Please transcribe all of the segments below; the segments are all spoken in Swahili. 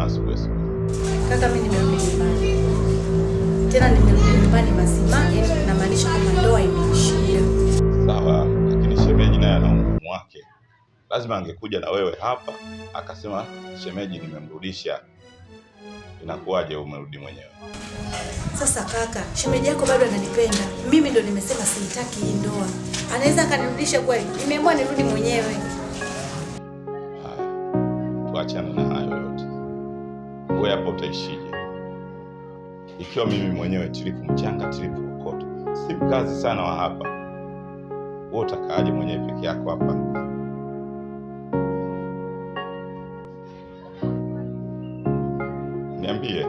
la Suez. Kaka, mimi nimerudi nyumbani. Tena nimerudi nyumbani mazima, na maanisha kwamba ndoa imeishia. Sawa, lakini shemeji naye ana umuhimu wake. Lazima angekuja na wewe hapa akasema shemeji nimemrudisha. Inakuwaje umerudi mwenyewe? Sasa kaka, shemeji yako bado ananipenda mimi, ndo nimesema sitaki hii ndoa. Anaweza akanirudisha kweli? Nimeamua nirudi mwenyewe. Tuachana na hayo yote wewe hapo utaishije? Ikiwa mimi mwenyewe tilipu mchanga, tilipu kokoto, si mkazi sana wa hapa, wewe utakaaje mwenyewe peke yako hapa? Niambie,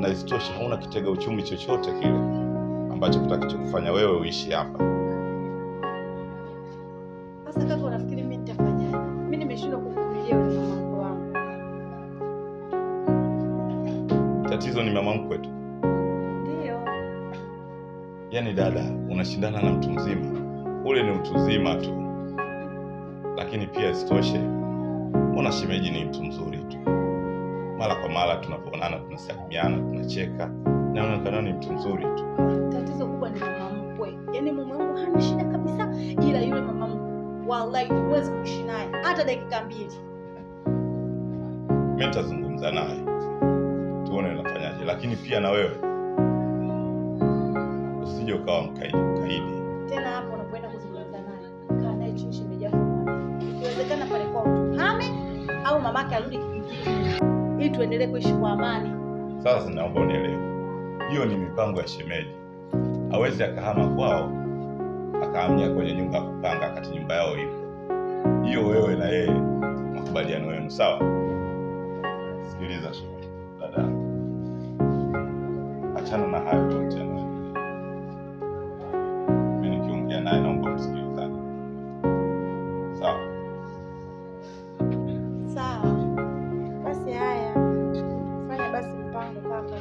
na isitoshe hauna kitega uchumi chochote kile ambacho kitakachokufanya wewe uishi hapa. Sasa kaka, unafikiri mimi nitafanyaje? Mimi nimeshindwa kuvumilia Tatizo ni mama mkwe tu. Ndio. Yaani dada, unashindana na mtu mzima. Ule ni mtu mzima tu, lakini pia isitoshe, mbona shemeji ni mtu mzuri tu. Mara kwa mara tunapoonana, tunasalimiana, tunacheka, naonekana ni mtu mzuri tu. Tatizo kubwa ni mama mkwe. Yaani mama wangu hana shida kabisa, ila yule mama mkwe wallahi huwezi kuishi naye hata dakika mbili. Mimi nitazungumza naye uone unafanyaje, lakini pia na wewe usije ukawa mkaidi mkaidi tena. Hapo unapoenda kuzungumza naye, kaa naye chini, shemeji yako, ikiwezekana pale kwa mhame au mamake arudi kijijini, ili tuendelee kuishi kwa amani. Sasa naomba unielewe, hiyo ni mipango ya shemeji. Hawezi akahama kwao akahamia kwenye nyumba ya kupanga kati nyumba yao hivo. Hiyo wewe na yeye makubaliano yenu, sawa? achana na hayo yote mi nikiongea naye naomba msikilizane, sawa sawa? Basi haya, fanya basi mpango kaka,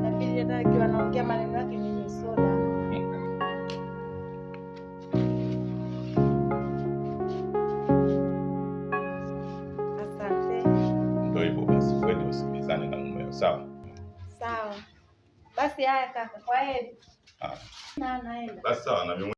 na hata akiwa anaongea maneno yake ni soda Ndio basi, kwenda usikilizane na mumeo, sawa sawa. Basi haya kaka, kwa heri. Basi sawa.